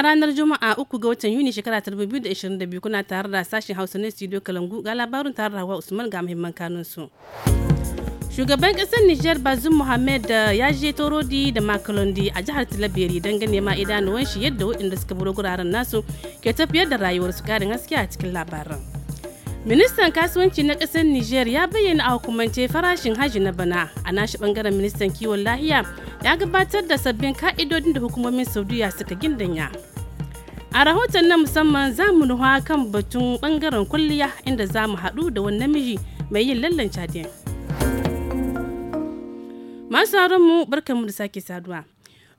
a ranar Juma'a 3 ga watan Yuni shekara 2022 kuna tare da sashen Hausa na Studio Kalangu ga labarin tare da Usman ga muhimman kanun su. Shugaban kasar niger Bazoum Mohamed eh, ya je Torodi da Makalondi a jihar Tilaberi don gane ma idanuwan shi yadda waɗanda suka buro guraren nasu ke tafiyar da rayuwar rayuwarsu karin haske a cikin labaran. Ministan kasuwanci na kasar niger ya bayyana a hukumance farashin haji na bana a nashi bangaren ministan kiwon lahiya ya gabatar da sabbin ka'idodin da hukumomin Saudiya suka gindanya. a rahoton na musamman za mu nuha kan batun bangaren kwalliya inda za mu haɗu da wani namiji mai yin lallan cadiyan masu mu barkanmu da sake saduwa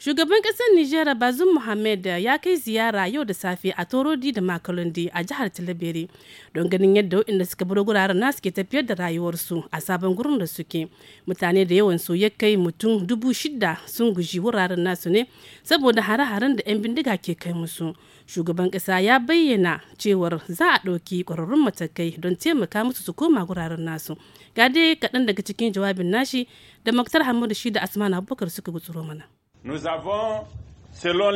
Shugaban ƙasar Nijar Bazum Muhammad ya kai ziyara yau da safe a Torodi da Makalondi a jihar Talabere don ganin yadda waɗanda suka bar guraren nasu ke tafiyar da rayuwarsu a sabon gurin da suke. Mutane da yawan su ya kai mutum dubu shida sun guji wuraren nasu ne saboda hare-haren da 'yan bindiga ke kai musu. Shugaban ƙasa ya bayyana cewar za a ɗauki ƙwararrun matakai don taimaka musu su koma guraren nasu. Ga dai kaɗan daga cikin jawabin nashi da Maktar Hamadu shi da Asman Abubakar suka gutsuro mana. Nous avons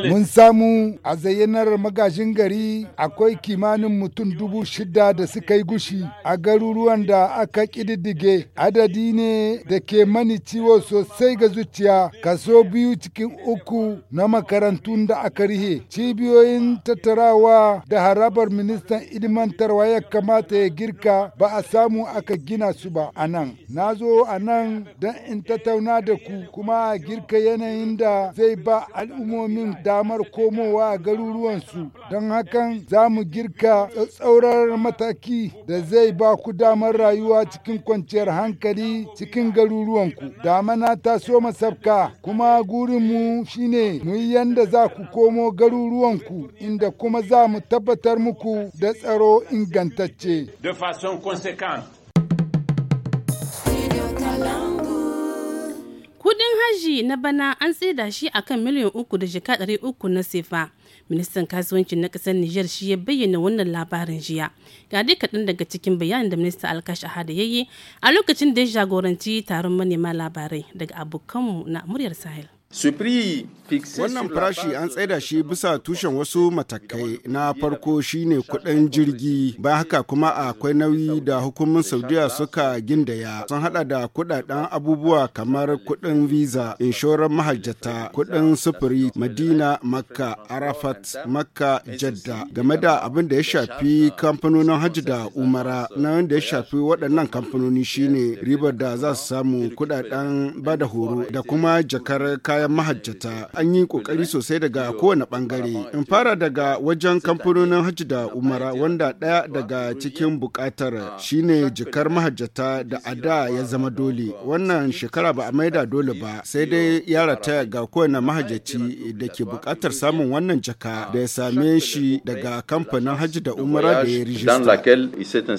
Mun samu a zayyanar magajin gari akwai kimanin mutum dubu shida da suka yi gushi a garuruwan da aka kididdige adadi ne da ke mani ciwo sosai ga zuciya kaso biyu cikin uku na makarantun da aka rihe. Cibiyoyin tattarawa da harabar ministan ilimantarwa ya kamata ya girka ba a samu aka gina su ba a nan. Na zo a nan don in tattauna da ku kuma girka yanayin da zai ba al'ummomi al'ummomin damar komowa garuruwansu don hakan za mu girka tsauraran mataki da zai ba ku damar rayuwa cikin kwanciyar hankali cikin garuruwanku damana ta so masabka kuma gurinmu shine mu yi yanda za ku komo garuruwanku inda kuma za mu tabbatar muku da tsaro ingantacce. De façon conséquente, Kudin haji na bana an tsida shi kan miliyan uku da jika ɗari uku na sefa. Ministan kasuwanci na ƙasar Nijar shi ya bayyana wannan labarin jiya. Ga dai kaɗan daga cikin bayanin da minista Alkash Ahada ya yi a lokacin da ya jagoranci taron manema labarai daga abokanmu na muryar sahil. Wannan farashi an tsaida shi bisa tushen wasu matakai na farko shine kudin jirgi ba haka kuma akwai nauyi da hukumin Saudiya suka gindaya sun hada da kudaden abubuwa kamar kudin visa, inshorar mahajjata, kudin sufuri, Madina, Makka, Arafat, Makka, Jadda game da abin da ya shafi kamfanonin Hajji da Umara na wanda ya shafi waɗannan kamfanoni shine ribar da za su samu kudaden bada horo da kuma jakar kayan mahajjata an yi kokari sosai daga kowane bangare in fara daga wajen kamfanonin hajji da umara wanda ɗaya daga cikin bukatar shine jikar mahajjata da ada ya zama dole wannan shekara ba a maida dole ba sai dai ya rataya ga kowane mahajjaci da ke bukatar samun wannan jaka da ya same shi daga kamfanin hajji da umara da ya rijista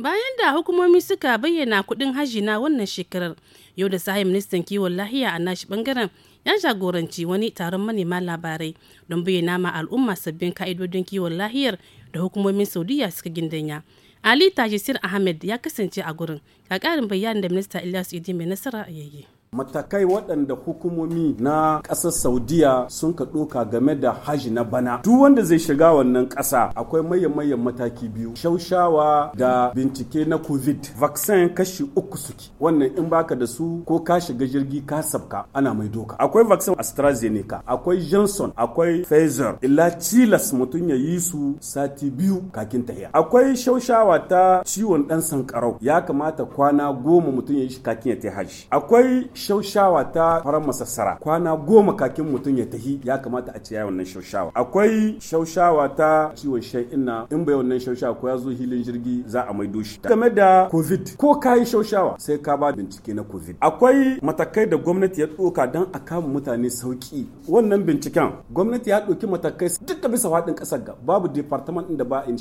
bayan da hukumomi suka bayyana kudin haji na wannan shekarar yau da sahi ministan kiwon lahiya a nashi bangaren ya jagoranci wani taron manema labarai don bayyana ma al'umma sabbin ka'idodin kiwon lahiyar da hukumomin saudiya suka gindanya ali tajisir ahmed ya kasance a gurin ga karin bayanin da minista ilyas idi mai nasara yayi matakai waɗanda hukumomi na ƙasar saudiya sun ka ɗoka game da haji na bana duk wanda zai shiga wannan ƙasa akwai maye mayan mataki biyu shaushawa da bincike na covid vaccine kashi uku suke wannan in baka da su ko ka shiga jirgi ka sabka ana mai doka akwai vaccine astrazeneca akwai johnson akwai pfizer illa cilas mutum ya yi su sati biyu kakin tahiya akwai shaushawa ta ciwon ɗan sankarau ya kamata kwana goma mutum ya yi shi kakin ya ta haji akwai shaushawa ta farar masassara kwana goma kakin mutum ya tahi ya kamata a ce ya wannan shaushawa akwai shaushawa ta ciwon shan inna in bai wannan shaushawa ko ya zo hilin jirgi za a mai maido shi game da covid ko ka yi shaushawa sai ka ba bincike na covid akwai matakai da gwamnati ya doka don a kama mutane sauki wannan binciken gwamnati ya ɗauki matakai duk da bisa faɗin ƙasar ga babu department ɗin da ba in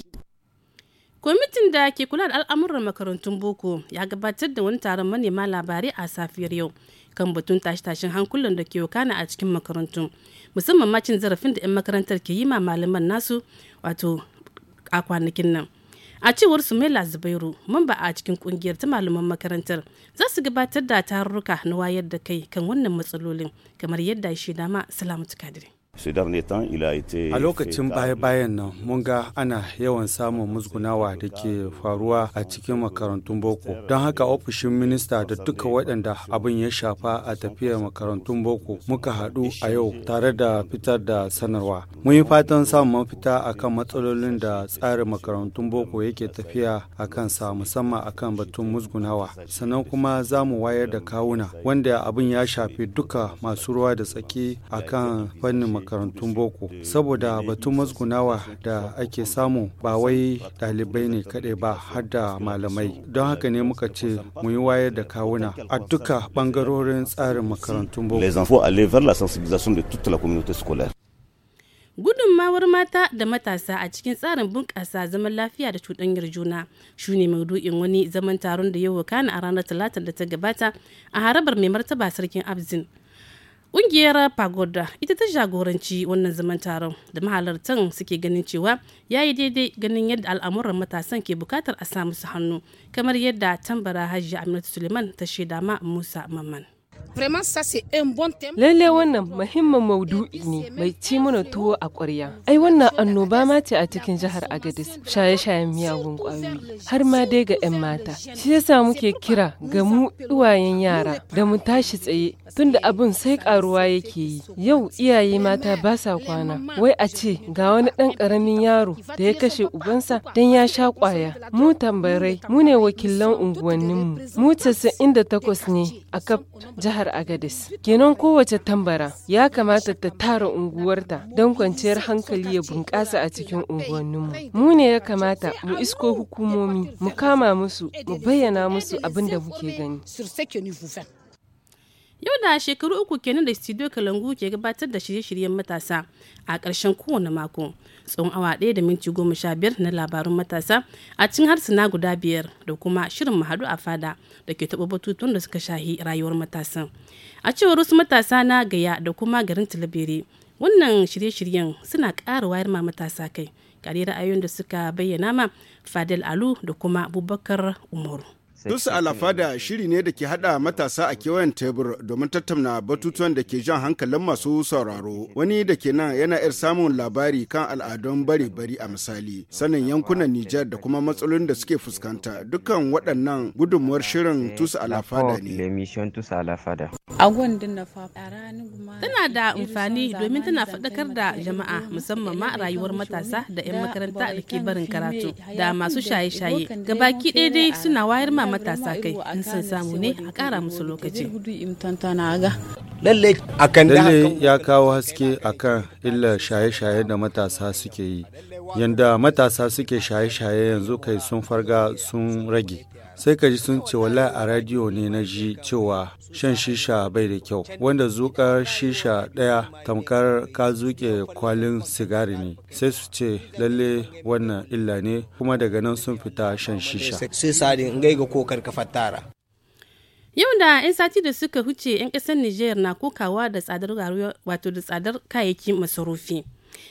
kwamitin da ke kula da al'amuran makarantun boko ya gabatar da wani taron manema labarai a safiyar yau kan batun tashe-tashen hankulan da ke wakana a cikin makarantun musamman macin zarafin da 'yan makarantar ke yi ma malaman nasu wato a kwanakin nan a cewar sumaila zubairu mamba a cikin kungiyar ta malaman makarantar za su gabatar da tarurruka na wayar da kai kan wannan matsalolin kamar yadda shi dama Salamu kadiri A lokacin baya-bayan nan mun ga ana yawan samun musgunawa da ke faruwa a cikin makarantun boko. Don haka ofishin minista da duka waɗanda abin ya shafa a tafiyar makarantun boko muka haɗu a yau tare da fitar da sanarwa. Mun yi fatan samun mafita akan matsalolin da tsarin makarantun boko yake tafiya a sa musamman akan batun musgunawa. Sannan kuma za mu wayar da kawuna wanda abin ya shafi duka masu ruwa da tsaki akan fannin makarantun boko saboda batun mazgunawa da ake samu ba wai dalibai ne kadai ba har da malamai don haka ne muka ce mu yi wayar da kawuna a duka bangarorin tsarin makarantun boko. Gudunmawar mata da matasa a cikin tsarin bunƙasa zaman lafiya da cuɗanyar juna shi ne maudu'in wani zaman taron da yau kana a ranar talatin da ta gabata a harabar mai martaba sarkin Abzin. Ƙungiyar Pagoda ita ta jagoranci wannan zaman taron da mahalartan suke ganin cewa ya yi daidai ganin yadda al'amuran matasan ke bukatar a sa musu hannu kamar yadda tambara Hajji Aminatu Suleiman ta shaida ma Musa Mamman. Lalle wannan mahimman maudu'i ne mai ci mana tuwo a ƙwarya. Ai wannan annoba ma ce a cikin jihar Agadis shaye-shayen miyagun ƙwayoyi har ma dai ga 'yan mata. Shi yasa muke kira ga mu uwayen yara da mu tashi tsaye tunda abin sai ƙaruwa yake yi. Yau iyaye mata ba sa kwana wai a ce ga wani ɗan ƙaramin yaro da ya kashe ubansa don ya sha ƙwaya. Mu tambarai mu ne wakilan unguwanninmu mu 98 ne a kaf jihar Agadez. Kenan kowace tambara ya kamata ta tara unguwarta don kwanciyar hankali ya bunƙasa a cikin unguwanninmu. Mu ne ya kamata mu isko hukumomi, mu kama musu, mu bayyana musu abin da muke gani. Yau da shekaru uku kenan da Studio Kalangu ke gabatar da shirye-shiryen matasa a ƙarshen kowane mako. Tsawon awa ɗaya da minti goma sha biyar na labarun matasa a cikin harsuna guda biyar da kuma shirin mahadu a fada da ke taɓa batutun da suka shahi rayuwar matasan. A cewar wasu matasa na gaya da kuma garin talabere wannan shirye-shiryen suna ƙara wayar ma matasa kai. Kare ra'ayoyin da suka bayyana ma Fadel Alu da kuma Abubakar Umaru. Dusa Alafada shiri ne da ke hada matasa a kewayen tebur domin tattauna batutuwan da ke jan hankalin masu sauraro. Wani da ke nan yana yar samun labari kan al'adun bare bari a misali, sanin yankunan Nijar da kuma matsalolin da suke fuskanta. Dukkan waɗannan gudunmuwar shirin eh, Tusa Alafada ne. Tana da amfani domin tana faɗakar da jama'a musamman ma rayuwar matasa da 'yan makaranta da ke barin karatu da masu shaye-shaye. Gabaki ɗaya dai suna wayar ma matasa kai in san samu ne a kara musu lokaci lalle ya kawo haske akan illa shaye-shaye da matasa suke yi yanda matasa suke shaye-shaye yanzu kai sun farga sun rage sai ka ji sun ce wala a radio ne na ji cewa shan shisha bai da kyau wanda zuƙar shisha ɗaya tamkar ka zuƙe kwalin sigari ne sai su ce lalle wannan illa ne kuma daga nan sun fita shan shisha in gaiga yau da 'yan sati da suka huce 'yan ƙasar niger na kokawa da tsadar wato da tsadar kayayyakin masarufi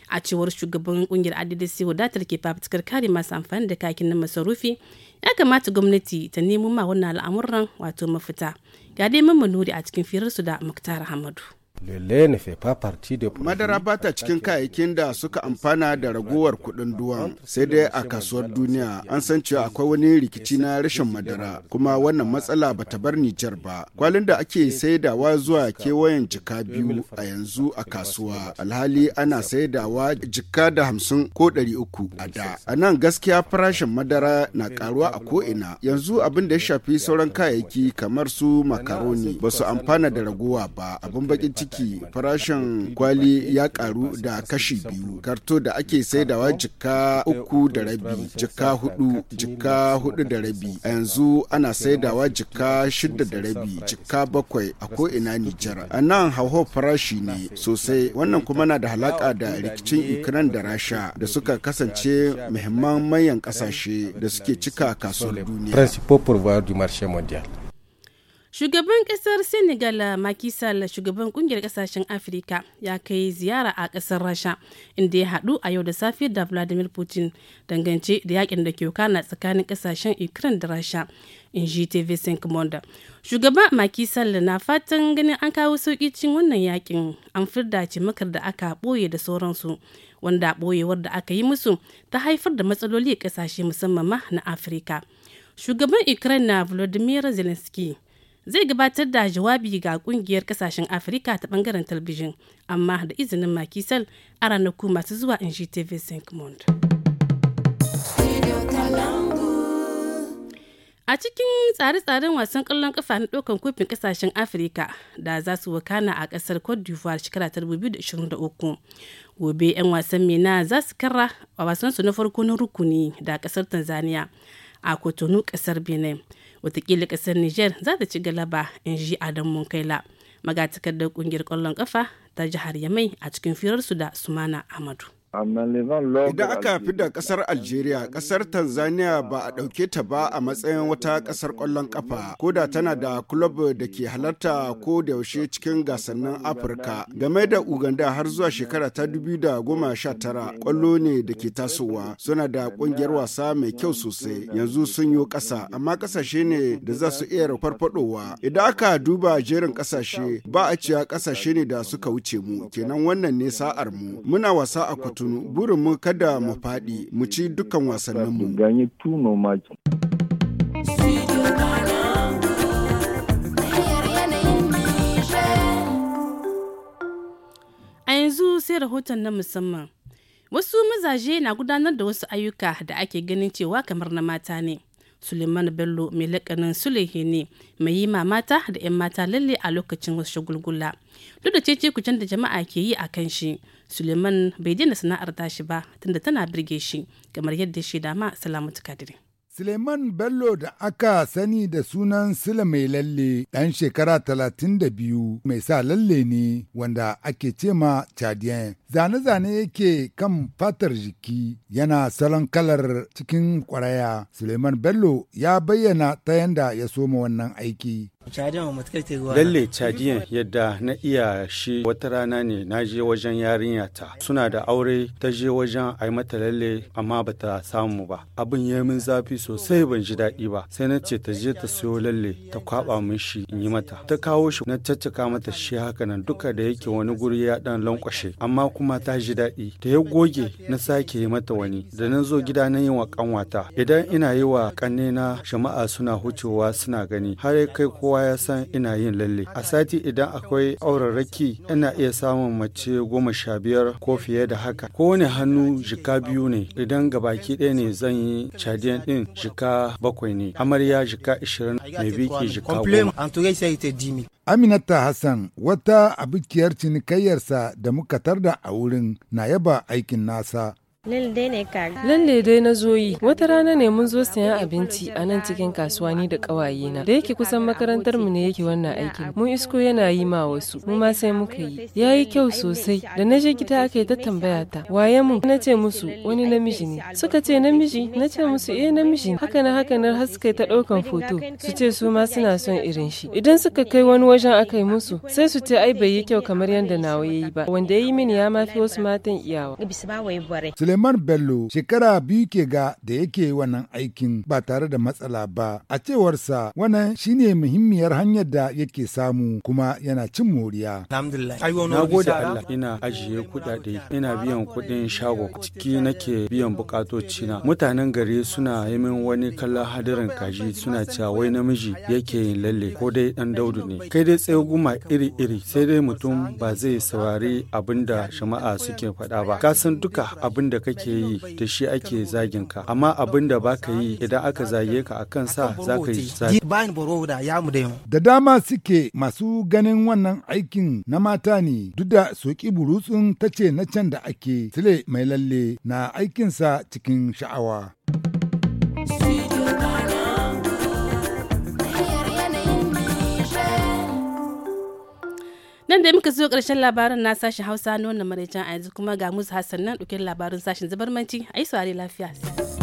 a cewar shugaban kungiyar sai wadatar ke fafutukar kare masu amfani da kakin na masarufi ya kamata gwamnati ta nemo ma wannan al'amuran wato mafita ga dai mamanuri a cikin firarsu da muktar hamadu Madara ba ta cikin kayayyakin da suka amfana da raguwar kuɗin duwan sai dai a kasuwar duniya an san cewa akwai wani rikici na rashin madara kuma wannan matsala ba ta bar Nijar ba. Kwalin da ake saidawa zuwa kewayen jika biyu a yanzu a kasuwa alhali ana saidawa jika da hamsin ko ɗari uku a da. A nan gaskiya farashin madara na karuwa a ko'ina yanzu abin da ya shafi sauran kayayyaki kamar su makaroni ba su amfana da raguwa ba abin bakin ciki ciki farashin kwali ya karu da kashi biyu karto da ake saidawa jika uku da rabi jika hudu jika hudu da rabi a yanzu ana saidawa jika shida da rabi jika bakwai a ko ina nijar a nan hauhau farashi ne sosai wannan kuma na da halaka da rikicin ukraine da rasha da suka kasance muhimman manyan kasashe da suke cika kasuwar duniya Shugaban kasar Senegal Macky shugaban kungiyar kasashen Afirka ya kai ziyara a kasar Rasha inda ya haɗu a yau da safe da Vladimir Putin dangance da yakin da ke kana tsakanin kasashen Ukraine da Rasha in ji TV5 Monda. Shugaban Macky na fatan ganin an kawo saukicin wannan yakin an firda makar da aka ɓoye da sauransu wanda ɓoyewar da aka yi musu ta haifar da matsaloli kasashe musamman ma na Afirka. Shugaban Ukraine na Volodymyr Zelensky zai gabatar da jawabi ga kungiyar kasashen afirka ta bangaren talbijin amma da izinin makisal a ranaku masu zuwa in tv 5 a cikin tsare-tsaren wasan kallon kafa na ɗaukan kofin kasashen afirka da za su wakana a ƙasar cote d'ivoire shekara 2023 gobe 'yan wasan mena za su karra a wasansu na farko na rukuni da ƙasar tanzania a kotonu ƙasar benin watakila kasar niger za ta ci galaba in ji adam munkaila magatakardar kungiyar kwallon kafa ta jihar yamai a cikin firarsu da sumana amadu Idan aka fi da kasar Algeria, kasar Tanzania ba a ɗauke ta ba a matsayin wata kasar ƙwallon ƙafa, ko da tana da kulob da ke halarta ko da yaushe cikin gasannin Afirka. Game da Uganda har zuwa shekara ta da goma sha tara ƙwallo ne da ke tasowa, suna da ƙungiyar wasa mai kyau sosai, yanzu sun yi ƙasa, amma ƙasashe ne da za su iya farfadowa. Idan aka duba jerin ƙasashe, ba a cewa ƙasashe ne da suka wuce mu, kenan wannan ne sa'ar mu. Muna wasa a tunu burinmu kada mu faɗi mu ci dukkan wasanninmu. A yanzu sai rahoton na musamman. Wasu mazaje na gudanar da wasu ayyuka da ake ganin cewa kamar na mata ne. suleiman bello mai lakanin sulehe ne mai yi mamata da 'yan mata lalle a lokacin wasu shagulgula duk da cece kucen da jama'a ke yi a kan shi suleiman bai daina sana'ar tashi ba tunda tana birge shi kamar yadda shi dama salamatu kadiri Suleiman Bello da aka sani da sunan Sula mai lalle ɗan shekara talatin da biyu mai sa lalle ne wanda ake ce ma Chadian. Zane-zane yake kan fatar jiki yana salon kalar cikin ƙwaraya. Suleiman Bello ya bayyana ta yanda ya soma wannan aiki. Lalle cadiyan yadda na iya shi wata rana ne na je wajen yarinya ta suna da aure ta je wajen a yi mata lalle amma ba ta samu ba abin ya min zafi sosai ban ji daɗi ba sai na ce ta je ta siyo lalle ta kwaɓa min shi in yi mata ta kawo shi na caccaka mata shi haka nan duka da yake wani guri ya dan lankwashe amma kuma ta ji daɗi da ya goge na sake yi mata wani da na zo gida na yi wa kanwata idan ina yi wa kanne na jama'a suna hucewa suna gani har kai kowa kowa ya san ina yin lalle a sati idan akwai auraraki ina iya samun mace goma sha biyar ko fiye da haka ko wani hannu jika biyu ne idan gabaki ɗaya ne zan yi cadiyan ɗin jika bakwai ne amarya jika ishirin mai biki jika goma Aminata Hassan wata abikiyar cinikayyarsa da muka tarda a wurin na yaba aikin nasa Lalle dai na zo yi. Wata rana ne mun zo sayan abinci a nan cikin kasuwa ni da kawaye na. Da yake kusan makarantar mu ne yake wannan aikin. mu isko yana yi ma wasu. Mu ma sai muka yi. Yayi kyau sosai. Da na je gida aka yi ta tambaya ta. Waye mu? Na ce musu wani namiji ne. Suka ce namiji? Na ce musu eh namiji. Haka na haka na har suka ta ɗaukan foto. Su ce su ma suna son irin shi. Idan suka kai wani wajen aka yi musu sai su ce ai bai yi kyau kamar yadda nawa yayi ba. Wanda ya yi mini ya mafi wasu matan iyawa. Suleiman Bello shekara biyu ke ga da yake wannan aikin ba tare da matsala ba. A cewarsa wannan shine muhimmiyar hanyar da yake samu kuma yana cin moriya. Na gode Allah ina ajiye kuɗaɗe ina biyan kuɗin shago ciki nake biyan bukatocina. Mutanen gari suna yi min wani kallon hadarin kaji suna cewa wai namiji yake yin lalle ko dai ɗan daudu ne. Kai dai tsaye guma iri-iri sai dai mutum ba zai saurari abinda da jama'a suke faɗa ba. Kasan duka abinda. da kake yi da shi ake zagin ka amma abin da baka yi idan aka zage ka akan sa zaka yi da dama suke masu ganin wannan aikin na mata ne duk da soki burutsun ta ce na can da ake sile mai lalle na aikinsa cikin sha'awa. nan da muka zo karshen labarin na sashen hausa nuna wannan maraicen a yanzu kuma ga musu hassan nan ɗauke labarin sashen zabarmanci a yi lafiya.